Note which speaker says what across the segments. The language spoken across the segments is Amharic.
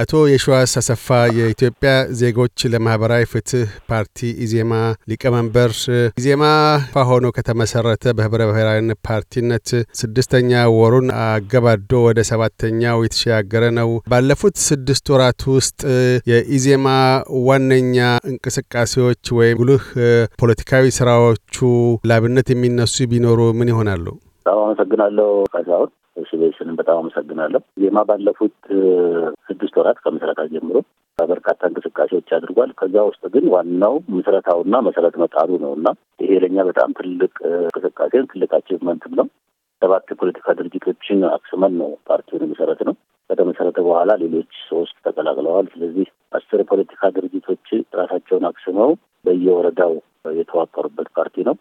Speaker 1: አቶ የሸዋስ አሰፋ የኢትዮጵያ ዜጎች ለማህበራዊ ፍትህ ፓርቲ ኢዜማ ሊቀመንበር፣ ኢዜማ ፋ ሆኖ ከተመሰረተ በህብረ ብሔራዊነት ፓርቲነት ስድስተኛ ወሩን አገባዶ ወደ ሰባተኛው የተሸጋገረ ነው። ባለፉት ስድስት ወራት ውስጥ የኢዜማ ዋነኛ እንቅስቃሴዎች ወይም ጉልህ ፖለቲካዊ ስራዎቹ ላብነት የሚነሱ ቢኖሩ ምን ይሆናሉ?
Speaker 2: በጣም አመሰግናለሁ ካሳሁን። እሺ ቤስንም በጣም አመሰግናለሁ። ዜማ ባለፉት ስድስት ወራት ከምስረታ ጀምሮ በርካታ እንቅስቃሴዎች አድርጓል። ከዛ ውስጥ ግን ዋናው ምስረታውና መሰረት መጣሉ ነው እና ይሄ ለእኛ በጣም ትልቅ እንቅስቃሴን ትልቅ አቺቭመንትም ነው። ሰባት ፖለቲካ ድርጅቶችን አክስመን ነው ፓርቲውን መሰረት ነው። ከተመሰረተ በኋላ ሌሎች ሶስት ተቀላቅለዋል። ስለዚህ አስር ፖለቲካ ድርጅቶች ራሳቸውን አክስመው በየወረዳው የተዋቀሩበት ፓርቲ ነው።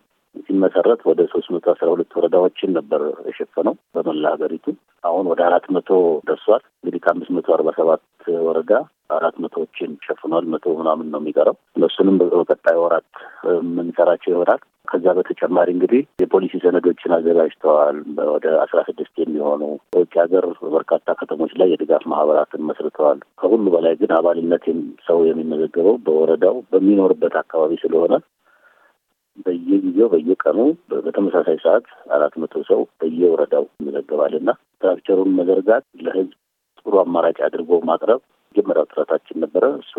Speaker 2: ሲመሰረት ወደ ሶስት መቶ አስራ ሁለት ወረዳዎችን ነበር የሸፈነው በመላ ሀገሪቱ። አሁን ወደ አራት መቶ ደርሷል። እንግዲህ ከአምስት መቶ አርባ ሰባት ወረዳ አራት መቶዎችን ሸፍኗል። መቶ ምናምን ነው የሚቀረው። እነሱንም በቀጣይ ወራት የምንሰራቸው ይሆናል። ከዛ በተጨማሪ እንግዲህ የፖሊሲ ሰነዶችን አዘጋጅተዋል። ወደ አስራ ስድስት የሚሆኑ በውጭ ሀገር በርካታ ከተሞች ላይ የድጋፍ ማህበራትን መስርተዋል። ከሁሉ በላይ ግን አባልነት ሰው የሚመዘገበው በወረዳው በሚኖርበት አካባቢ ስለሆነ በየጊዜው በየቀኑ በተመሳሳይ ሰዓት አራት መቶ ሰው በየወረዳው ይመዘገባልና ስትራክቸሩን መዘርጋት ለህዝብ ጥሩ አማራጭ አድርጎ ማቅረብ መጀመሪያው ጥረታችን ነበረ። እሱ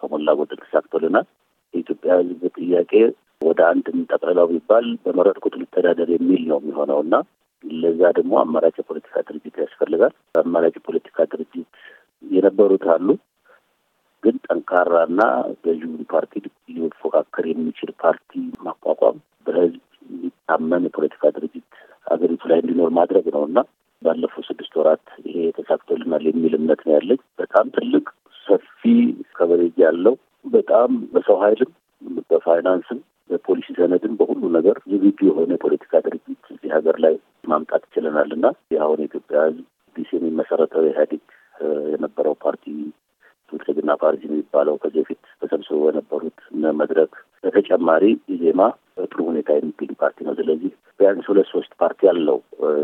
Speaker 2: ከሞላ ጎደል ተሳክቶልናል። የኢትዮጵያ ህዝብ ጥያቄ ወደ አንድ ጠቅልላው ቢባል በመረጥኩት ልተዳደር የሚል ነው የሚሆነው እና ለዛ ደግሞ አማራጭ የፖለቲካ ድርጅት ያስፈልጋል። አማራጭ የፖለቲካ ድርጅት የነበሩት አሉ። ግን ጠንካራና ገዥውን ፓርቲ ሊፎካከር የሚችል ፓርቲ ማቋቋም በህዝብ የሚታመን የፖለቲካ ድርጅት ሀገሪቱ ላይ እንዲኖር ማድረግ ነው እና ባለፉት ስድስት ወራት ይሄ ተሳክቶልናል የሚል እምነት ነው ያለኝ። በጣም ትልቅ ሰፊ ከበሬጅ ያለው በጣም በሰው ኃይልም በፋይናንስም በፖሊሲ ሰነድም በሁሉ ነገር ዝግጁ የሆነ የፖለቲካ ድርጅት እዚህ ሀገር ላይ ማምጣት ይችለናል እና የአሁን የኢትዮጵያ ህዝብ ዲስ የሚመሰረተው ኢህአዴግ የነበረው ፓርቲ ብልጽግና ፓርቲ የሚባለው ከዚህ በፊት ተሰብስበው በነበሩት መድረክ በተጨማሪ ኢዜማ በጥሩ ሁኔታ የሚገኝ ፓርቲ ነው። ስለዚህ ቢያንስ ሁለት ሶስት ፓርቲ ያለው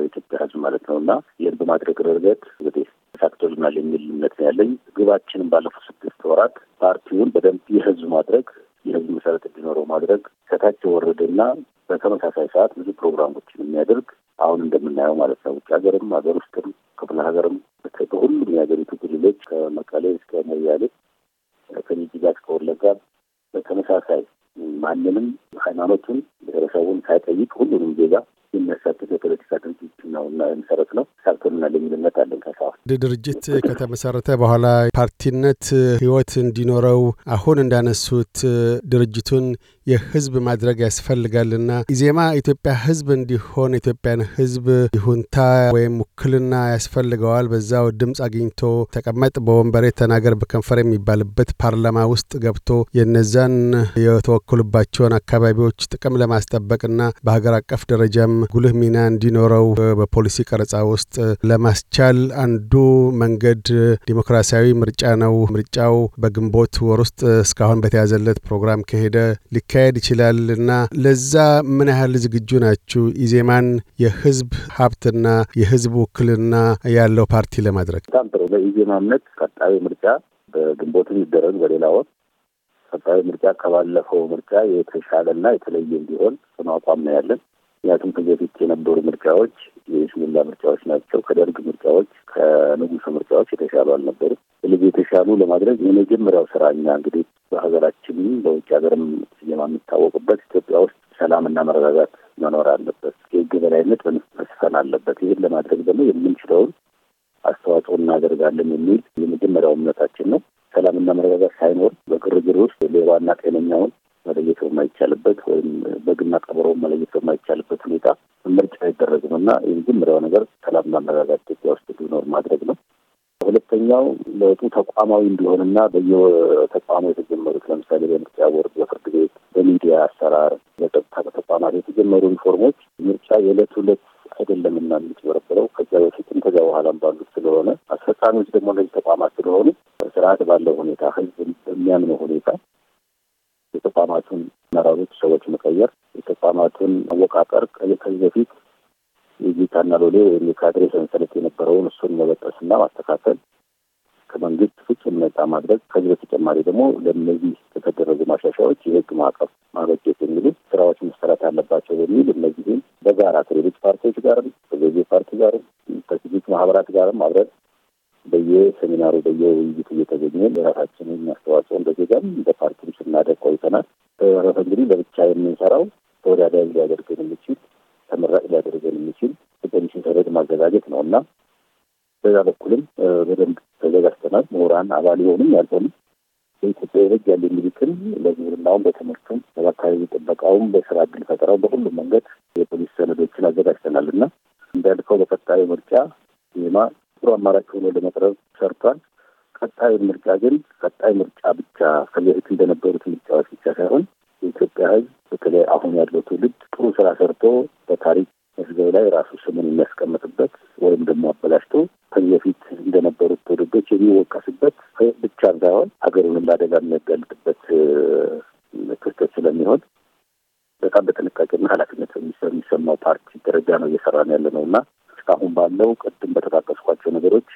Speaker 2: ኢትዮጵያ ህዝብ ማለት ነው እና ይህን በማድረግ ረገድ እንግዲህ ተሳክቶልናል የሚል እምነት ነው ያለኝ። ግባችንም ባለፉት ስድስት ወራት ፓርቲውን በደንብ የህዝብ ማድረግ የህዝብ መሰረት እንዲኖረው ማድረግ ከታች የወረደና በተመሳሳይ ሰዓት ብዙ ፕሮግራሞችን የሚያደርግ አሁን እንደምናየው ማለት ነው። ውጭ ሀገርም ሀገር ውስጥም ክፍለ ሀገርም በሁሉም የሀገሪቱ ክልሎች ከመቀሌ እስከ መያሌ ከጅጅጋ እስከ ወለጋ በተመሳሳይ ማንንም ሃይማኖቱን፣ ብሔረሰቡን ሳይጠይቅ ሁሉንም ዜጋ የሚያሳትፍ የፖለቲካ ድርጅት ነው እና መሰረት ነው ሰርቶልናል የሚል እምነት አለን። ከሰዋል
Speaker 1: ድርጅት ከተመሰረተ በኋላ ፓርቲነት ህይወት እንዲኖረው አሁን እንዳነሱት ድርጅቱን የህዝብ ማድረግ ያስፈልጋልና ኢዜማ ኢትዮጵያ ህዝብ እንዲሆን የኢትዮጵያን ህዝብ ይሁንታ ወይም ውክልና ያስፈልገዋል። በዛው ድምፅ አግኝቶ ተቀመጥ፣ በወንበሬ ተናገር፣ በከንፈር የሚባልበት ፓርላማ ውስጥ ገብቶ የነዛን የተወከሉባቸውን አካባቢዎች ጥቅም ለማስጠበቅና በሀገር አቀፍ ደረጃም ጉልህ ሚና እንዲኖረው በፖሊሲ ቀረጻ ውስጥ ለማስቻል አንዱ መንገድ ዲሞክራሲያዊ ምርጫ ነው። ምርጫው በግንቦት ወር ውስጥ እስካሁን በተያዘለት ፕሮግራም ከሄደ ሊከ ሊካሄድ ይችላል እና ለዛ ምን ያህል ዝግጁ ናችሁ? ኢዜማን የህዝብ ሀብትና የህዝብ ውክልና ያለው ፓርቲ
Speaker 2: ለማድረግ በጣም ጥሩ። በኢዜማ ቀጣዩ ምርጫ በግንቦትም ይደረግ በሌላ ወቅት ቀጣዩ ምርጫ ከባለፈው ምርጫ የተሻለና የተለየ እንዲሆን ጽኑ አቋም ነው ያለን። ምክንያቱም ከዚህ በፊት የነበሩ ምርጫዎች የስሙላ ምርጫዎች ናቸው። ከደርግ ምርጫዎች፣ ከንጉሱ ምርጫዎች የተሻሉ አልነበሩም። ስለዚህ የተሻሉ ለማድረግ የመጀመሪያው ስራ እኛ እንግዲህ በሀገራችንም በውጭ ሀገርም ስየማ የሚታወቅበት ኢትዮጵያ ውስጥ ሰላምና መረጋጋት መኖር አለበት፣ የህግ መስፈን አለበት። ይህን ለማድረግ ደግሞ የምንችለውን አስተዋጽኦ እናደርጋለን የሚል የመጀመሪያው እምነታችን ነው። ሰላምና መረጋጋት ሳይኖር በግርግር ውስጥ ሌባና ጤነኛውን መለየት በማይቻልበት ወይም በግና ቀበሮውን መለየት በማይቻልበት ሁኔታ ምርጫ አይደረግም እና የመጀመሪያው ነገር ሰላምና መረጋጋት ኢትዮጵያ ውስጥ እንዲኖር ማድረግ ነው። ሁለተኛው ለውጡ ተቋማዊ እንዲሆንና በየተቋሙ የተጀመሩት ለምሳሌ በምርጫ ቦርድ፣ በፍርድ ቤት፣ በሚዲያ አሰራር፣ በጸጥታ ተቋማት የተጀመሩ ሪፎርሞች ምርጫ የዕለት ሁለት አይደለም እና የሚጭበረበረው ከዚያ በፊትም ከዚያ በኋላም ባሉት ስለሆነ አስፈጻሚዎች ደግሞ እነዚህ ተቋማት ስለሆኑ ስርዓት ባለው ሁኔታ ህዝብ በሚያምነው የተቋማቱን መራሮች ሰዎች መቀየር፣ የተቋማቱን አወቃቀር ከዚህ በፊት የጌታና ሎሌ ወይም የካድሬ ሰንሰለት የነበረውን እሱን መበጠስና ማስተካከል ከመንግስት ፍጹም ነጻ ማድረግ። ከዚህ በተጨማሪ ደግሞ ለእነዚህ ከተደረጉ ማሻሻያዎች የህግ ማዕቀፍ ማበጀት የሚሉ ስራዎች መሰራት አለባቸው በሚል እነዚህም በጋራ ከሌሎች ፓርቲዎች ጋርም ከገዢ ፓርቲ ጋርም ከሲቪክ ማህበራት ጋርም አብረን በየሴሚናሩ በየውይይቱ እየተገኘ የራሳችንን አስተዋጽኦ እንደዜጋም እንደ ፓርቲም ስናደግ ቆይተናል። ተረፈ እንግዲህ ለብቻ የምንሰራው ተወዳዳሪ ሊያደርገን የሚችል ተመራጭ ሊያደርገን የሚችል ፖሊሲ ሰነድ ማዘጋጀት ነው እና በዛ በኩልም በደንብ ተዘጋጅተናል። ምሁራን አባል የሆኑም ያልሆኑም በኢትዮጵያ ሕግ ያለ ሚሊክን ለግብርናውም፣ በትምህርቱም፣ በአካባቢ ጥበቃውም፣ በስራ እድል ፈጠራው በሁሉም መንገድ የፖሊስ ሰነዶችን አዘጋጅተናል እና እንዳልከው በቀጣዩ ምርጫ ዜማ ጥሩ አማራጭ ሆኖ ለመቅረብ ሰርቷል። ቀጣዩ ምርጫ ግን ቀጣይ ምርጫ ብቻ ከዚህ በፊት እንደነበሩት ምርጫዎች ብቻ ሳይሆን የኢትዮጵያ ሕዝብ በተለይ አሁን ያለው ትውልድ ጥሩ ስራ ሰርቶ በታሪክ መዝገብ ላይ ራሱ ስሙን የሚያስቀምጥበት ወይም ደግሞ አበላሽቶ ከዚህ በፊት እንደነበሩት ትውልዶች የሚወቀስበት ብቻ ሳይሆን ሀገሩንም ለአደጋ የሚያጋልጥበት ክስተት ስለሚሆን በጣም በጥንቃቄና ኃላፊነት የሚሰማው ፓርቲ ደረጃ ነው እየሰራ ነው ያለ ነው እና እስካሁን ባለው ቅድም በተጣቀስኳቸው ነገሮች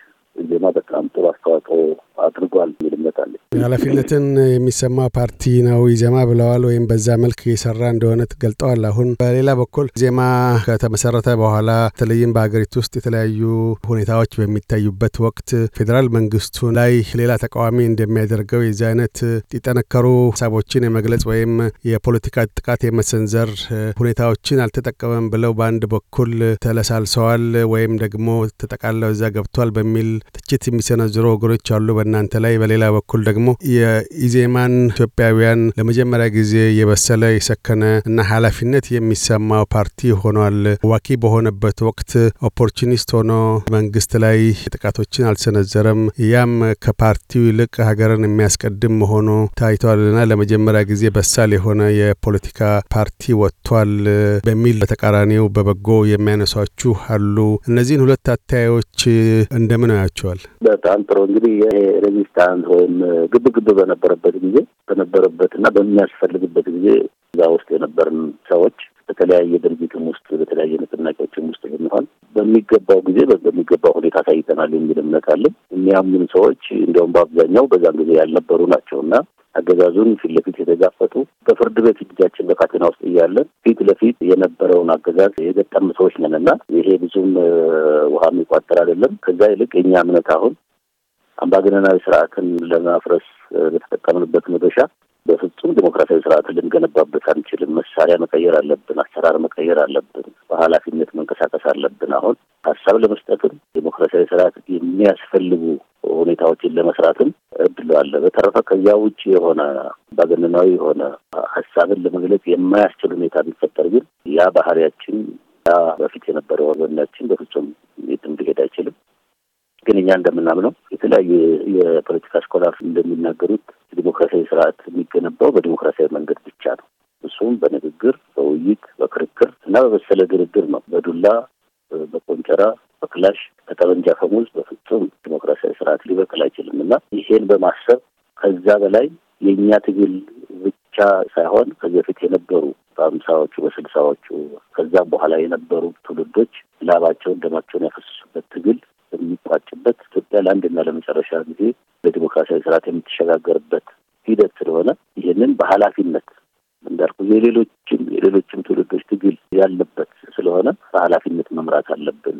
Speaker 2: ዜማ በጣም ጥሩ አስተዋጽኦ
Speaker 1: አድርጓል የሚል እምነት አለ። ኃላፊነትን የሚሰማ ፓርቲ ነው ኢዜማ ብለዋል፣ ወይም በዛ መልክ የሰራ እንደሆነ ገልጠዋል። አሁን በሌላ በኩል ዜማ ከተመሰረተ በኋላ በተለይም በሀገሪቱ ውስጥ የተለያዩ ሁኔታዎች በሚታዩበት ወቅት ፌዴራል መንግስቱ ላይ ሌላ ተቃዋሚ እንደሚያደርገው የዚህ አይነት የጠነከሩ ሀሳቦችን የመግለጽ ወይም የፖለቲካ ጥቃት የመሰንዘር ሁኔታዎችን አልተጠቀመም ብለው በአንድ በኩል ተለሳልሰዋል ወይም ደግሞ ተጠቃለው እዛ ገብቷል በሚል ትችት የሚሰነዝሩ ወገኖች አሉ በእናንተ ላይ። በሌላ በኩል ደግሞ የኢዜማን ኢትዮጵያውያን ለመጀመሪያ ጊዜ የበሰለ የሰከነ እና ኃላፊነት የሚሰማው ፓርቲ ሆኗል። ዋኪ በሆነበት ወቅት ኦፖርቹኒስት ሆኖ መንግስት ላይ ጥቃቶችን አልሰነዘረም። ያም ከፓርቲው ይልቅ ሀገርን የሚያስቀድም መሆኑ ታይቷልና ለመጀመሪያ ጊዜ በሳል የሆነ የፖለቲካ ፓርቲ ወጥቷል በሚል በተቃራኒው በበጎ የሚያነሷችሁ አሉ። እነዚህን ሁለት አታዮች እንደምን ይመስላችኋል?
Speaker 2: በጣም ጥሩ እንግዲህ ሬዚስታንስ ወይም ግብግብ በነበረበት ጊዜ በነበረበትና በሚያስፈልግበት ጊዜ እዛ ውስጥ የነበርን ሰዎች በተለያየ ድርጅትም ውስጥ በተለያየ ንቅናቄዎችም ውስጥ ብንሆን በሚገባው ጊዜ በሚገባው ሁኔታ አሳይተናል የሚል እምነት አለን። ሰዎች እንዲያውም በአብዛኛው በዛን ጊዜ ያልነበሩ ናቸው እና አገዛዙን ፊት ለፊት የተጋፈጡ በፍርድ ቤት እጃችን በካቴና ውስጥ እያለን ፊት ለፊት የነበረውን አገዛዝ የገጠም ሰዎች ነን እና ይሄ ብዙም ውሃ የሚቋጠር አይደለም። ከዛ ይልቅ የእኛ እምነት አሁን አምባገነናዊ ስርዓትን ለማፍረስ በተጠቀምንበት መዶሻ በፍጹም ዲሞክራሲያዊ ስርዓት ልንገነባበት አንችልም። መሳሪያ መቀየር አለብን። አሰራር መቀየር አለብን። በኃላፊነት መንቀሳቀስ አለብን። አሁን ሀሳብ ለመስጠትም ዲሞክራሲያዊ ስርዓት የሚያስፈልጉ ሁኔታዎችን ለመስራትም እድለዋለ። በተረፈ ከዚያ ውጭ የሆነ ባገነናዊ የሆነ ሀሳብን ለመግለጽ የማያስችል ሁኔታ ቢፈጠር ግን ያ ባህሪያችን ያ በፊት የነበረ ወገናችን በፍጹም የትም ሊሄድ አይችልም። ግን እኛ እንደምናምነው የተለያዩ የፖለቲካ ስኮላር እንደሚናገሩት ዲሞክራሲያዊ ስርዓት የሚገነባው በዲሞክራሲያዊ መንገድ ብቻ ነው። እሱም በንግግር፣ በውይይት፣ በክርክር እና በበሰለ ድርድር ነው። በዱላ፣ በቆንጨራ፣ በክላሽ፣ በጠመንጃ ፈሙዝ በፍጹም ዲሞክራሲያዊ ስርዓት ሊበቅል አይችልም እና ይሄን በማሰብ ከዛ በላይ የእኛ ትግል ብቻ ሳይሆን ከዚህ በፊት የነበሩ በአምሳዎቹ በስልሳዎቹ ከዛም በኋላ የነበሩ ትውልዶች ላባቸውን ደማቸውን ያፈሰሱበት ትግል የሚቋጭበት ኢትዮጵያ ለአንድና ለመጨረሻ ጊዜ በዲሞክራሲያዊ ስርዓት የምትሸጋገርበት ሂደት ስለሆነ ይህንን በኃላፊነት እንዳልኩ የሌሎችም የሌሎችም ትውልዶች ትግል ያለበት ስለሆነ በኃላፊነት መምራት አለብን።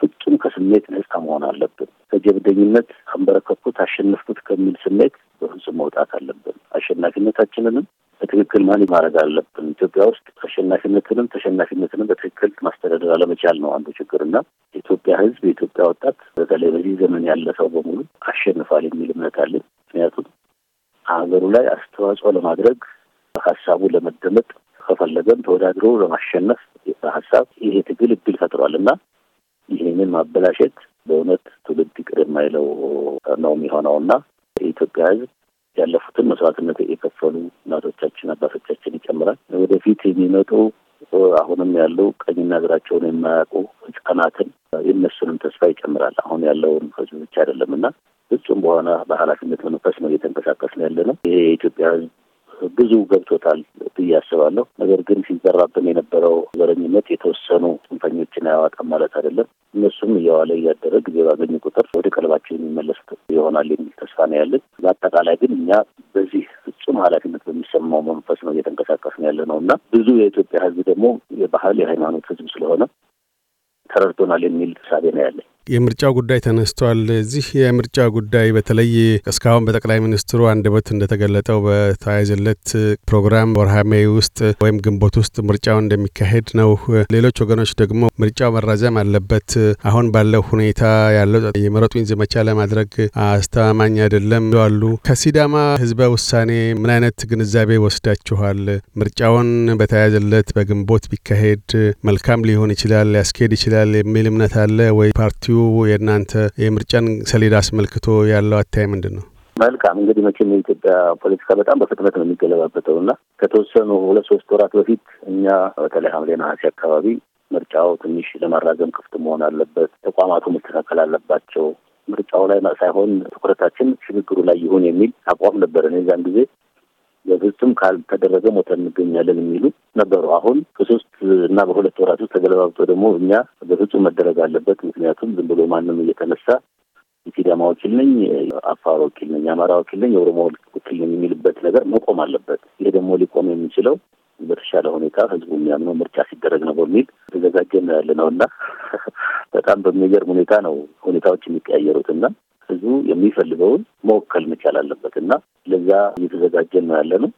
Speaker 2: ፍጹም ከስሜት ነጻ መሆን አለብን። ከጀብደኝነት አንበረከኩት አሸነፍኩት ከሚል ስሜት በፍጹም መውጣት አለብን። አሸናፊነታችንንም በትክክል ማን ማድረግ አለብን። ኢትዮጵያ ውስጥ አሸናፊነትንም ተሸናፊነትንም በትክክል ማስተዳደር አለመቻል ነው አንዱ ችግር የኢትዮጵያ ሕዝብ የኢትዮጵያ ወጣት በተለይ በዚህ ዘመን ያለ ሰው በሙሉ አሸንፋል የሚል እምነት አለን። ምክንያቱም ሀገሩ ላይ አስተዋጽኦ ለማድረግ ሀሳቡ ለመደመጥ ከፈለገም ተወዳድሮ ለማሸነፍ ሀሳብ ይሄ ትግል እድል ፈጥሯል እና ይህንን ማበላሸት በእውነት ትውልድ ቅር የማይለው ነው የሚሆነው እና የኢትዮጵያ ሕዝብ ያለፉትን መስዋዕትነት የከፈሉ እናቶቻችን፣ አባቶቻችን ይጨምራል። ወደፊት የሚመጡ አሁንም ያሉ ቀኝና እግራቸውን የማያውቁ ህጻናትን የነሱንም ተስፋ ይጨምራል። አሁን ያለውን ህዝብ ብቻ አይደለም እና ፍጹም በሆነ በኃላፊነት መንፈስ ነው እየተንቀሳቀስ ነው ያለ ነው። ይሄ የኢትዮጵያ ህዝብ ብዙ ገብቶታል ብዬ አስባለሁ። ነገር ግን ሲዘራብን የነበረው ዘረኝነት የተወሰኑ ጽንፈኞችን አያዋጣም ማለት አይደለም። እነሱም እየዋለ እያደረ ጊዜ ባገኙ ቁጥር ወደ ቀልባቸው የሚመለስ ይሆናል የሚል ተስፋ ነው ያለን። በአጠቃላይ ግን እኛ በዚህ ፍጹም ኃላፊነት በሚሰማው መንፈስ ነው እየተንቀሳቀስ ነው ያለ ነው እና ብዙ የኢትዮጵያ ሕዝብ ደግሞ የባህል የሃይማኖት ሕዝብ ስለሆነ ተረድቶናል
Speaker 1: የሚል ሳቤ ነው ያለን። የምርጫው ጉዳይ ተነስቷል። እዚህ የምርጫ ጉዳይ በተለይ እስካሁን በጠቅላይ ሚኒስትሩ አንደበት እንደተገለጠው በተያያዘለት ፕሮግራም ወርሃ ሜይ ውስጥ ወይም ግንቦት ውስጥ ምርጫው እንደሚካሄድ ነው። ሌሎች ወገኖች ደግሞ ምርጫው መራዘም አለበት፣ አሁን ባለው ሁኔታ ያለው የመረጡኝ ዘመቻ ለማድረግ አስተማማኝ አይደለም ይሉ። ከሲዳማ ህዝበ ውሳኔ ምን አይነት ግንዛቤ ወስዳችኋል? ምርጫውን በተያያዘለት በግንቦት ቢካሄድ መልካም ሊሆን ይችላል፣ ሊያስኬድ ይችላል የሚል እምነት አለ ወይ ፓርቲ ፓርቲው የእናንተ የምርጫን ሰሌዳ አስመልክቶ ያለው አታይ ምንድን ነው?
Speaker 2: መልካም እንግዲህ መቼም የኢትዮጵያ ፖለቲካ በጣም በፍጥነት ነው የሚገለባበጠው እና ከተወሰኑ ሁለት ሶስት ወራት በፊት እኛ በተለይ ሐምሌ ነሐሴ አካባቢ ምርጫው ትንሽ ለማራዘም ክፍት መሆን አለበት፣ ተቋማቱ መስተካከል አለባቸው ምርጫው ላይ ሳይሆን ትኩረታችን ሽግግሩ ላይ ይሁን የሚል አቋም ነበር። የዛን ጊዜ በፍጹም ካልተደረገ ሞተ እንገኛለን የሚሉ ነበሩ። አሁን በሶስት እና በሁለት ወራት ውስጥ ተገለባብጦ ደግሞ እኛ በፍጹም መደረግ አለበት፣ ምክንያቱም ዝም ብሎ ማንም እየተነሳ የሲዳማ ወኪል ነኝ፣ አፋር ወኪል ነኝ፣ የአማራ ወኪል ነኝ፣ የኦሮሞ ወኪል ነኝ የሚልበት ነገር መቆም አለበት። ይሄ ደግሞ ሊቆም የሚችለው በተሻለ ሁኔታ ህዝቡ የሚያምነው ምርጫ ሲደረግ ነው በሚል ተዘጋጀን ያለ ነው እና በጣም በሚገርም ሁኔታ ነው ሁኔታዎች የሚቀያየሩት እና ህዝቡ የሚፈልገውን መወከል መቻል አለበት እና ለዛ እየተዘጋጀን ነው ያለ ነው።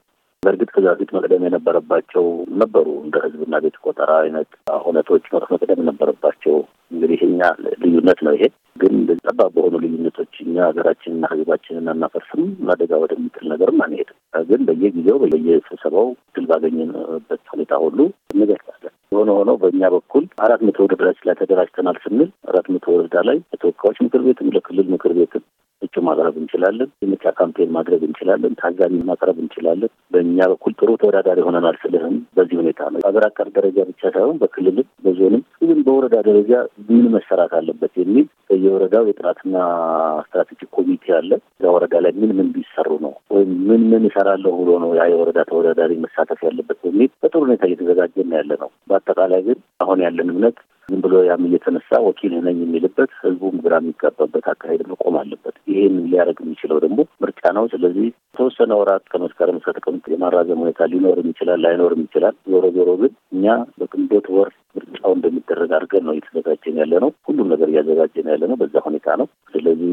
Speaker 2: በእርግጥ ከዛ በፊት መቅደም የነበረባቸው ነበሩ እንደ ህዝብና ቤት ቆጠራ አይነት ሁነቶች መቅደም የነበረባቸው እንግዲህ እኛ ልዩነት ነው ይሄ። ግን ጠባብ በሆኑ ልዩነቶች እኛ ሀገራችንና ህዝባችንን አናፈርስም፣ አደጋ ወደሚጥል ነገርም አንሄድም። ግን በየጊዜው በየስብሰባው ድል ባገኘንበት ሁኔታ ሁሉ እንገርታለን። የሆነ ሆኖ በእኛ በኩል አራት መቶ ወረዳዎች ላይ ተደራጅተናል ስንል አራት መቶ ወረዳ ላይ ለተወካዮች ምክር ቤትም ለክልል ምክር ቤትም እጩ ማቅረብ እንችላለን። የምርጫ ካምፔን ማድረግ እንችላለን። ታዛቢ ማቅረብ እንችላለን። በእኛ በኩል ጥሩ ተወዳዳሪ ሆነናል ስልህም በዚህ ሁኔታ ነው። ሀገር አቀፍ ደረጃ ብቻ ሳይሆን በክልልም በዞንም ግን በወረዳ ደረጃ ምን መሰራት አለበት የሚል በየወረዳው የጥናትና ስትራቴጂክ ኮሚቴ አለ። እዛ ወረዳ ላይ ምን ምን ቢሰሩ ነው ወይም ምን ምን እሰራለሁ ብሎ ነው ያ የወረዳ ተወዳዳሪ መሳተፍ ያለበት በሚል በጥሩ ሁኔታ እየተዘጋጀን ያለ ነው። በአጠቃላይ ግን አሁን ያለን እምነት ዝም ብሎ ያም እየተነሳ ወኪል ነኝ የሚልበት ህዝቡም ግራ የሚጋባበት አካሄድ መቆም አለበት። ይህን ሊያደርግ የሚችለው ደግሞ ምርጫ ነው። ስለዚህ የተወሰነ ወራት ከመስከረም እስከ ጥቅምት የማራዘም ሁኔታ ሊኖርም ይችላል፣ ላይኖርም ይችላል። ዞሮ ዞሮ ግን እኛ በግንቦት ወር ምርጫው እንደሚደረግ አድርገን ነው እየተዘጋጀን ያለ ነው። ሁሉም ነገር እያዘጋጀን ያለ ነው። በዛ ሁኔታ ነው። ስለዚህ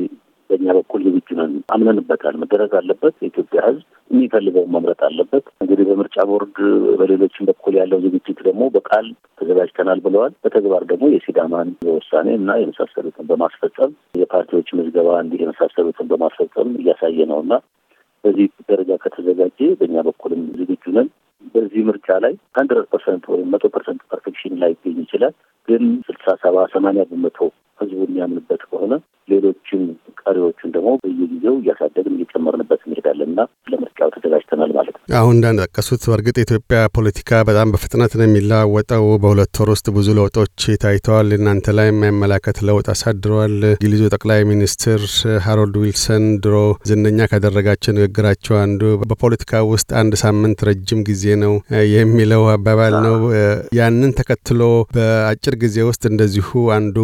Speaker 2: በእኛ በኩል ዝግጁ ነን። አምነንበታል። መደረግ አለበት። የኢትዮጵያ ሕዝብ የሚፈልገውን መምረጥ አለበት። እንግዲህ በምርጫ ቦርድ በሌሎችም በኩል ያለው ዝግጅት ደግሞ በቃል ተዘጋጅተናል ብለዋል። በተግባር ደግሞ የሲዳማን ውሳኔ እና የመሳሰሉትን በማስፈጸም የፓርቲዎች ምዝገባ እንዲህ የመሳሰሉትን በማስፈጸም እያሳየ ነው እና በዚህ ደረጃ ከተዘጋጀ በእኛ በኩልም ዝግጁ ነን። በዚህ ምርጫ ላይ ሀንድረድ ፐርሰንት ወይም መቶ ፐርሰንት ፐርፌክሽን ላይ ይገኝ ይችላል። ግን ስልሳ ሰባ ሰማንያ በመቶ ህዝቡ የሚያምንበት ከሆነ ሌሎችን ቀሪዎቹን ደግሞ በየጊዜው እያሳደግን እየጨመርንበት እንሄዳለን እና ለምርጫው
Speaker 1: ተዘጋጅተናል ማለት ነው። አሁን እንዳንጠቀሱት በእርግጥ የኢትዮጵያ ፖለቲካ በጣም በፍጥነት ነው የሚለዋወጠው። በሁለት ወር ውስጥ ብዙ ለውጦች ታይተዋል። እናንተ ላይ የማያመላከት ለውጥ አሳድረዋል። እንግሊዙ ጠቅላይ ሚኒስትር ሃሮልድ ዊልሰን ድሮ ዝነኛ ካደረጋቸው ንግግራቸው አንዱ በፖለቲካ ውስጥ አንድ ሳምንት ረጅም ጊዜ ነው የሚለው አባባል ነው። ያንን ተከትሎ በአጭር ጊዜ ውስጥ እንደዚሁ አንዱ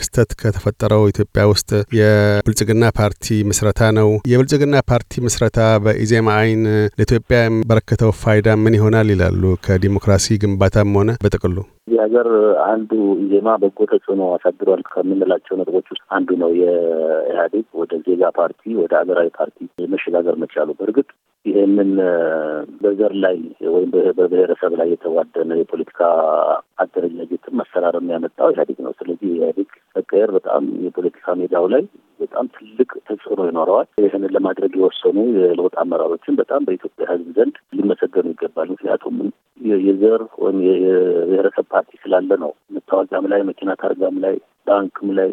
Speaker 1: ክስተት ክስተት ከተፈጠረው ኢትዮጵያ ውስጥ የብልጽግና ፓርቲ ምስረታ ነው። የብልጽግና ፓርቲ ምስረታ በኢዜማ አይን ለኢትዮጵያ የሚበረከተው ፋይዳ ምን ይሆናል ይላሉ? ከዲሞክራሲ ግንባታም ሆነ በጥቅሉ
Speaker 2: የሀገር አንዱ ኢዜማ በጎ ተጽዕኖ አሳድሯል ከምንላቸው ነጥቦች ውስጥ አንዱ ነው። የኢህአዴግ ወደ ዜጋ ፓርቲ ወደ ሀገራዊ ፓርቲ መሸጋገር መቻሉ በእርግጥ ይህንን በዘር ላይ ወይም በብሔረሰብ ላይ የተዋደነ የፖለቲካ አደረጃጀትም መሰራር የሚያመጣው ኢህአዴግ ነው። ስለዚህ ኢህአዴግ መቀየር በጣም የፖለቲካ ሜዳው ላይ በጣም ትልቅ ተጽዕኖ ይኖረዋል። ይህንን ለማድረግ የወሰኑ የለውጥ አመራሮችን በጣም በኢትዮጵያ ሕዝብ ዘንድ ሊመሰገኑ ይገባል። ምክንያቱም የዘር ወይም የብሔረሰብ ፓርቲ ስላለ ነው መታወቂያም ላይ መኪና ታርጋም ላይ ባንክም ላይ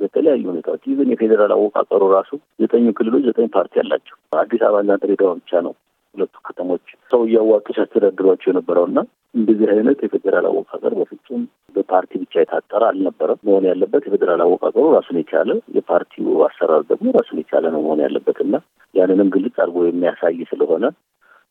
Speaker 2: በተለያዩ ሁኔታዎች ይዘን የፌዴራል አወቃቀሩ ራሱ ዘጠኙ ክልሎች ዘጠኝ ፓርቲ አላቸው። አዲስ አበባና ድሬዳዋ ብቻ ነው ሁለቱ ከተሞች ሰው እያዋቅ ሲያስተዳድሯቸው ና እንደዚህ አይነት የፌዴራል አወቃቀር በፍጹም በፓርቲ ብቻ የታጠረ አልነበረም መሆን ያለበት። የፌዴራል አወቃቀሩ ራሱን የቻለ የፓርቲው አሰራር ደግሞ ራሱን የቻለ ነው መሆን ያለበት እና ያንንም ግልጽ አድርጎ የሚያሳይ ስለሆነ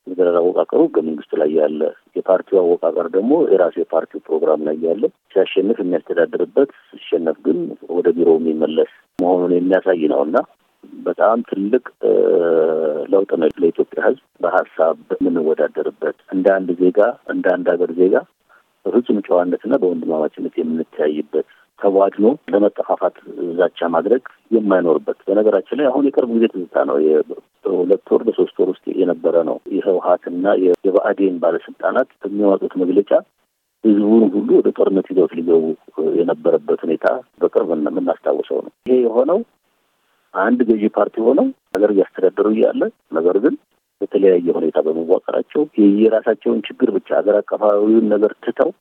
Speaker 2: የፌደራል አወቃቀሩ ህገ መንግስት ላይ ያለ የፓርቲው አወቃቀር ደግሞ የራሱ የፓርቲው ፕሮግራም ላይ ያለ ሲያሸንፍ የሚያስተዳድርበት ሲሸነፍ ግን ወደ ቢሮ የሚመለስ መሆኑን የሚያሳይ ነው እና በጣም ትልቅ ለውጥ ነው ለኢትዮጵያ ህዝብ። በሀሳብ የምንወዳደርበት እንደ አንድ ዜጋ እንደ አንድ ሀገር ዜጋ በፍጹም ጨዋነትና በወንድማማችነት የምንተያይበት ተቧድኖ ለመጠፋፋት ዛቻ ማድረግ የማይኖርበት በነገራችን ላይ አሁን የቅርብ ጊዜ ትዝታ ነው በሁለት ወር በሶስት ወር ውስጥ የነበረ ነው። የህወሀትና የብአዴን ባለስልጣናት በሚያወጡት መግለጫ ህዝቡን ሁሉ ወደ ጦርነት ይዘውት ሊገቡ የነበረበት ሁኔታ በቅርብ የምናስታውሰው ነው። ይሄ የሆነው አንድ ገዢ ፓርቲ ሆነው ሀገር እያስተዳደሩ እያለ ነገር ግን በተለያየ ሁኔታ በመዋቀራቸው የየራሳቸውን ችግር ብቻ ሀገር አቀፋዊውን ነገር ትተው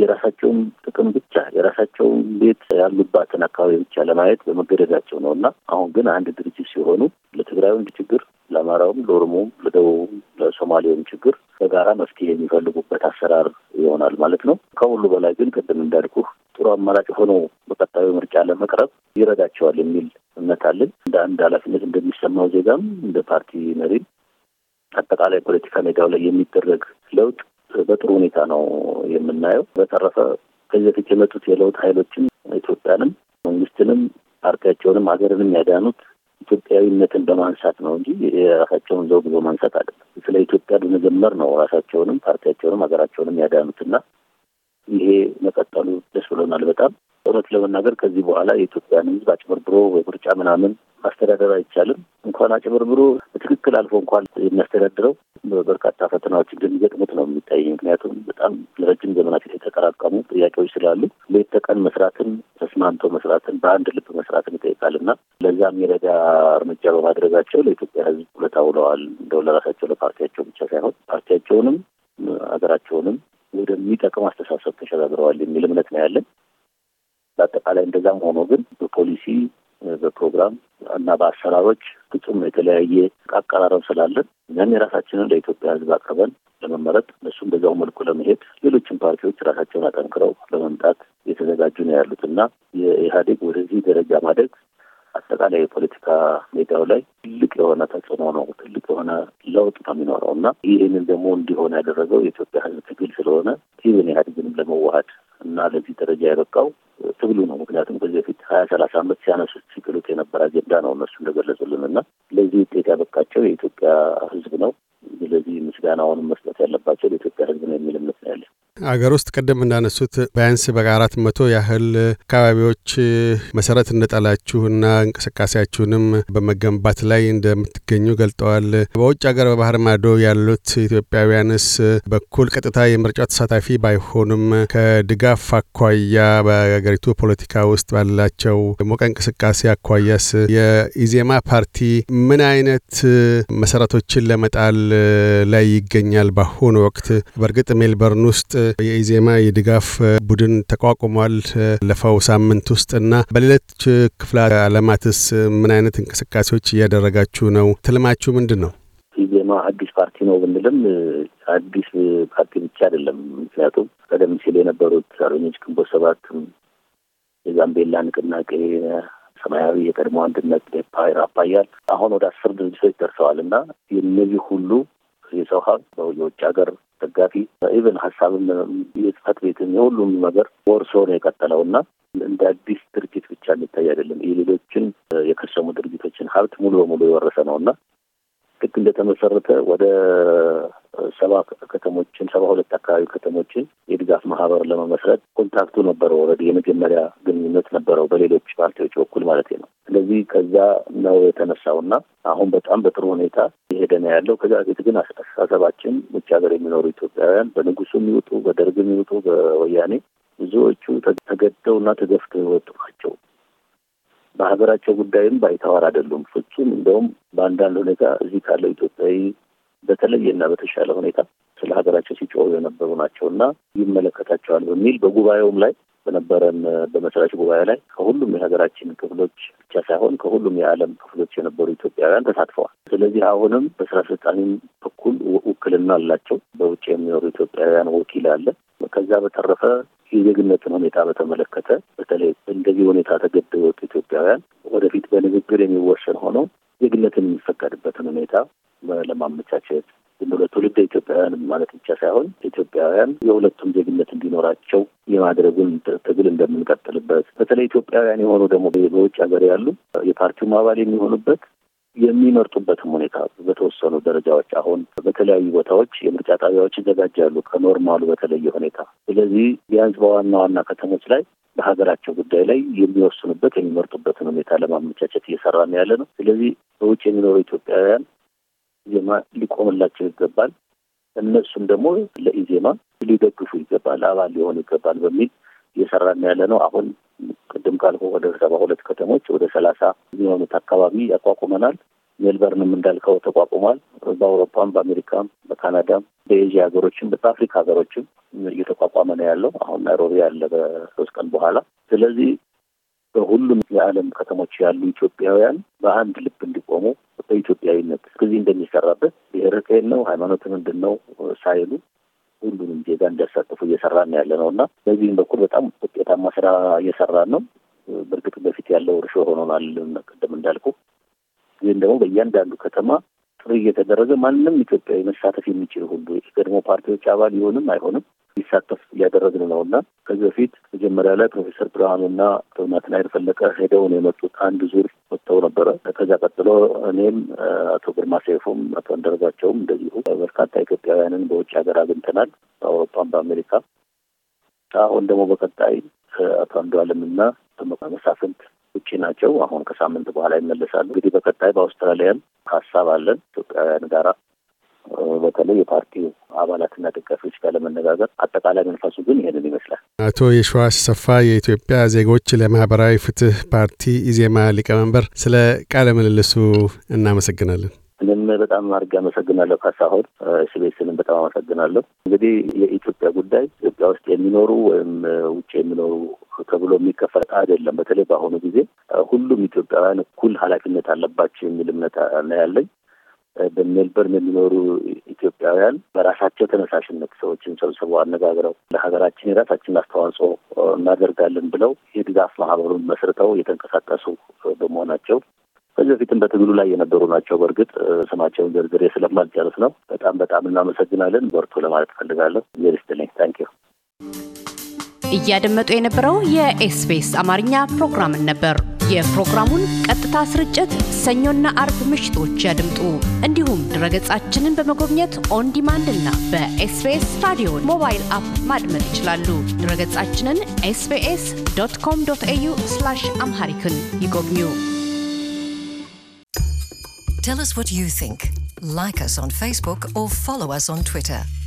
Speaker 2: የራሳቸውን ጥቅም ብቻ የራሳቸውን ቤት ያሉባትን አካባቢ ብቻ ለማየት በመገደዳቸው ነው እና አሁን ግን አንድ ድርጅት ሲሆኑ ለትግራዩም ችግር፣ ለአማራውም፣ ለኦሮሞውም፣ ለደቡቡም፣ ለሶማሌውም ችግር በጋራ መፍትሄ የሚፈልጉበት አሰራር ይሆናል ማለት ነው። ከሁሉ በላይ ግን ቅድም እንዳልኩህ ጥሩ አማራጭ ሆኖ በቀጣዩ ምርጫ ለመቅረብ ይረዳቸዋል የሚል እምነት አለን። እንደ አንድ ኃላፊነት እንደሚሰማው ዜጋም እንደ ፓርቲ መሪም አጠቃላይ ፖለቲካ ሜዳው ላይ የሚደረግ ለውጥ በጥሩ ሁኔታ ነው የምናየው። በተረፈ ከዚህ በፊት የመጡት የለውጥ ኃይሎችም ኢትዮጵያንም መንግስትንም ፓርቲያቸውንም ሀገርንም ያዳኑት ኢትዮጵያዊነትን በማንሳት ነው እንጂ የራሳቸውን ዘውግ በማንሳት አይደለም። ስለ ኢትዮጵያ በመዘመር ነው ራሳቸውንም ፓርቲያቸውንም ሀገራቸውንም ያዳኑትና ይሄ መቀጠሉ ደስ ብሎናል በጣም እውነት ለመናገር ከዚህ በኋላ የኢትዮጵያን ህዝብ አጭበርብሮ በምርጫ ምናምን ማስተዳደር አይቻልም። እንኳን አጭበርብሮ በትክክል አልፎ እንኳን የሚያስተዳድረው በርካታ ፈተናዎች እንደሚገጥሙ የሚታይ ምክንያቱም በጣም ለረጅም ዘመናት የተጠራቀሙ ጥያቄዎች ስላሉ ሌት ተቀን መስራትን፣ ተስማምቶ መስራትን፣ በአንድ ልብ መስራትን ይጠይቃል እና ለዛ የሚረዳ እርምጃ በማድረጋቸው ለኢትዮጵያ ሕዝብ ውለታ ውለዋል። እንደው ለራሳቸው ለፓርቲያቸው ብቻ ሳይሆን ፓርቲያቸውንም ሀገራቸውንም ወደሚጠቅም አስተሳሰብ ተሸጋግረዋል የሚል እምነት ነው ያለን። በአጠቃላይ እንደዛም ሆኖ ግን በፖሊሲ በፕሮግራም እና በአሰራሮች ፍጹም የተለያየ አቀራረብ ስላለን እኛም የራሳችንን ለኢትዮጵያ ሕዝብ አቅርበን ለመመረጥ እነሱም በዛው መልኩ ለመሄድ ሌሎችም ፓርቲዎች ራሳቸውን አጠንክረው ለመምጣት የተዘጋጁ ነው ያሉት እና የኢህአዴግ ወደዚህ ደረጃ ማደግ አጠቃላይ የፖለቲካ ሜዳው ላይ ትልቅ የሆነ ተጽዕኖ ነው፣ ትልቅ የሆነ ለውጥ ነው የሚኖረው እና ይህንን ደግሞ እንዲሆን ያደረገው የኢትዮጵያ ህዝብ ትግል ስለሆነ ይህን ኢህአዴግንም ለመዋሀድ እና ለዚህ ደረጃ የበቃው ትግሉ ነው። ምክንያቱም ከዚህ በፊት ሀያ ሰላሳ ዓመት ሲያነሱት የነበረ አጀንዳ ነው እነሱ እንደገለጹልን እና ለዚህ ውጤት ያበቃቸው የኢትዮጵያ ህዝብ ነው። ስለዚህ ምስጋናውንም መስጠት ያለባቸው
Speaker 1: ለኢትዮጵያ ህዝብ ነው የሚል አገር ውስጥ ቅድም እንዳነሱት ቢያንስ በአራት መቶ ያህል አካባቢዎች መሰረት እና እንቅስቃሴያችሁንም በመገንባት ላይ እንደምትገኙ ገልጠዋል። በውጭ ሀገር በባህር ማዶ ያሉት ኢትዮጵያውያንስ በኩል ቀጥታ የምርጫው ተሳታፊ ባይሆኑም ከድጋፍ አኳያ በሀገሪቱ ፖለቲካ ውስጥ ባላቸው ሞቀ እንቅስቃሴ አኳያስ የኢዜማ ፓርቲ ምን አይነት መሰረቶችን ለመጣል ላይ ይገኛል? በአሁኑ ወቅት በእርግጥ ሜልበርን ውስጥ የኢዜማ የድጋፍ ቡድን ተቋቁሟል ለፈው ሳምንት ውስጥ እና በሌሎች ክፍለ አለማትስ ምን አይነት እንቅስቃሴዎች እያደረጋችሁ ነው? ትልማችሁ ምንድን ነው?
Speaker 2: ኢዜማ አዲስ ፓርቲ ነው ብንልም አዲስ ፓርቲ ብቻ አይደለም። ምክንያቱም ቀደም ሲል የነበሩት አርበኞች ግንቦት ሰባትም፣ የጋምቤላ ንቅናቄ፣ ሰማያዊ፣ የቀድሞ አንድነት፣ ዴፓ፣ አሁን ወደ አስር ድርጅቶች ደርሰዋል እና የእነዚህ ሁሉ የሰው ሀብት የውጭ ሀገር ደጋፊ ኢቨን ሀሳብም የጽህፈት ቤትም የሁሉም ነገር ወርሶ ነው የቀጠለው እና እንደ አዲስ ድርጊት ብቻ የሚታይ አይደለም። የሌሎችን የከሰሙ ድርጊቶችን ሀብት ሙሉ በሙሉ የወረሰ ነው እና ልክ እንደተመሰረተ ወደ ሰባ ከተሞችን ሰባ ሁለት አካባቢ ከተሞችን የድጋፍ ማህበር ለመመስረት ኮንታክቱ ነበረው። ኦልሬዲ የመጀመሪያ ግንኙነት ነበረው በሌሎች ፓርቲዎች በኩል ማለት ነው። ስለዚህ ከዛ ነው የተነሳው እና አሁን በጣም በጥሩ ሁኔታ የሄደ ነው ያለው። ከዛ ፊት ግን አስተሳሰባችን ውጭ ሀገር የሚኖሩ ኢትዮጵያውያን በንጉሱ የሚወጡ በደርግ የሚወጡ በወያኔ ብዙዎቹ ተገደው እና ተገፍተው የወጡ ናቸው። በሀገራቸው ጉዳይም ባይተዋር አይደሉም ፍጹም። እንደውም በአንዳንድ ሁኔታ እዚህ ካለው ኢትዮጵያዊ በተለየና በተሻለ ሁኔታ ስለ ሀገራቸው ሲጮሁ የነበሩ ናቸው እና ይመለከታቸዋል በሚል በጉባኤውም ላይ በነበረን በመስራች ጉባኤ ላይ ከሁሉም የሀገራችን ክፍሎች ብቻ ሳይሆን ከሁሉም የዓለም ክፍሎች የነበሩ ኢትዮጵያውያን ተሳትፈዋል። ስለዚህ አሁንም በስራ አስፈጻሚም በኩል ውክልና አላቸው። በውጭ የሚኖሩ ኢትዮጵያውያን ወኪል አለ። ከዛ በተረፈ የዜግነትን ሁኔታ በተመለከተ በተለይ እንደዚህ ሁኔታ ተገድበው ኢትዮጵያውያን ወደፊት በንግግር የሚወሰን ሆኖ ዜግነትን የሚፈቀድበትን ሁኔታ ለማመቻቸት ዝም ትውልደ ኢትዮጵያውያን ማለት ብቻ ሳይሆን ኢትዮጵያውያን የሁለቱም ዜግነት እንዲኖራቸው የማድረጉን ትግል እንደምንቀጥልበት በተለይ ኢትዮጵያውያን የሆኑ ደግሞ በውጭ ሀገር ያሉ የፓርቲውም አባል የሚሆኑበት የሚመርጡበትም ሁኔታ በተወሰኑ ደረጃዎች አሁን በተለያዩ ቦታዎች የምርጫ ጣቢያዎች ይዘጋጃሉ ከኖርማሉ በተለየ ሁኔታ። ስለዚህ ቢያንስ በዋና ዋና ከተሞች ላይ በሀገራቸው ጉዳይ ላይ የሚወስኑበት የሚመርጡበትን ሁኔታ ለማመቻቸት ነው ያለ ነው። ስለዚህ በውጭ የሚኖሩ ኢትዮጵያውያን ኢዜማ ሊቆምላቸው ይገባል፣ እነሱም ደግሞ ለኢዜማ ሊደግፉ ይገባል፣ አባል ሊሆኑ ይገባል በሚል እየሰራን ያለ ነው። አሁን ቅድም ካልኩ ወደ ሰባ ሁለት ከተሞች ወደ ሰላሳ የሚሆኑት አካባቢ ያቋቁመናል። ሜልበርንም እንዳልከው ተቋቁሟል። በአውሮፓም፣ በአሜሪካም፣ በካናዳም፣ በኤዥያ ሀገሮችም፣ በአፍሪካ ሀገሮችም እየተቋቋመ ነው ያለው። አሁን ናይሮቢ ያለ በሶስት ቀን በኋላ። ስለዚህ በሁሉም የዓለም ከተሞች ያሉ ኢትዮጵያውያን በአንድ ልብ እንዲቆሙ በኢትዮጵያዊነት እስከዚህ እንደሚሰራበት ብሔር ነው ሃይማኖት ምንድን ነው ሳይሉ ሁሉንም ዜጋ እንዲያሳትፉ ነው ያለ ነው እና በዚህም በኩል በጣም ውጤታማ ስራ እየሰራ ነው። በእርግጥ በፊት ያለው እርሾ ሆኖናል፣ ቅድም እንዳልኩ ግን ደግሞ በእያንዳንዱ ከተማ ጥሪ እየተደረገ ማንም ኢትዮጵያዊ መሳተፍ የሚችል ሁሉ የቀድሞ ፓርቲዎች አባል ይሆንም አይሆንም ሊሳተፍ እያደረግን ነው እና ከዚህ በፊት መጀመሪያ ላይ ፕሮፌሰር ብርሃኑና አቶ ናትናኤል ፈለቀ ሄደው ነው የመጡት። አንድ ዙር ወጥተው ነበረ። ከዛ ቀጥሎ እኔም አቶ ግርማ ሰይፉም አቶ አንደረጋቸውም እንደዚሁ በርካታ ኢትዮጵያውያንን በውጭ ሀገር አግኝተናል፣ በአውሮፓም በአሜሪካ። አሁን ደግሞ በቀጣይ አቶ አንዱዓለምና መሳፍንት ውጭ ናቸው። አሁን ከሳምንት በኋላ ይመለሳሉ። እንግዲህ በቀጣይ በአውስትራሊያን ሀሳብ አለን ኢትዮጵያውያን ጋራ በተለይ የፓርቲው አባላትና ደጋፊዎች ጋር ለመነጋገር አጠቃላይ መንፈሱ ግን ይህንን ይመስላል።
Speaker 1: አቶ የሸዋስ ሰፋ የኢትዮጵያ ዜጎች ለማህበራዊ ፍትህ ፓርቲ ኢዜማ ሊቀመንበር፣ ስለ ቃለ ምልልሱ እናመሰግናለን።
Speaker 2: እኔም በጣም አድርጌ አመሰግናለሁ ካሳሁን፣ ኤስቤስንም በጣም አመሰግናለሁ። እንግዲህ የኢትዮጵያ ጉዳይ ኢትዮጵያ ውስጥ የሚኖሩ ወይም ውጭ የሚኖሩ ተብሎ የሚከፈል አይደለም። በተለይ በአሁኑ ጊዜ ሁሉም ኢትዮጵያውያን እኩል ኃላፊነት አለባቸው የሚል እምነት ነው ያለኝ። በሜልበርን የሚኖሩ ኢትዮጵያውያን በራሳቸው ተነሳሽነት ሰዎችን ሰብስበው አነጋግረው ለሀገራችን የራሳችን አስተዋጽኦ እናደርጋለን ብለው የድጋፍ ማህበሩን መስርተው የተንቀሳቀሱ በመሆናቸው ከዚህ በፊትም በትግሉ ላይ የነበሩ ናቸው። በእርግጥ ስማቸውን ዝርዝሬ ስለማልጨርስ ነው። በጣም በጣም እናመሰግናለን። በርቶ ለማለት እፈልጋለሁ። ዜር ታንኪዩ እያደመጡ የነበረው የኤስቢኤስ አማርኛ ፕሮግራምን ነበር። የፕሮግራሙን ቀጥታ ስርጭት ሰኞና አርብ ምሽቶች ያድምጡ። እንዲሁም ድረገጻችንን በመጎብኘት ኦን ዲማንድ እና በኤስቢኤስ ራዲዮ ሞባይል አፕ ማድመጥ ይችላሉ። ድረገጻችንን ኤስቢኤስ ዶት ኮም ዶት ኤዩ አምሃሪክን ይጎብኙ። ቴል አስ ዋት ዩ ቲንክ ላይክ አስ ኦን ፌስቡክ ኦር
Speaker 1: ፎሎው አስ ኦን ትዊተር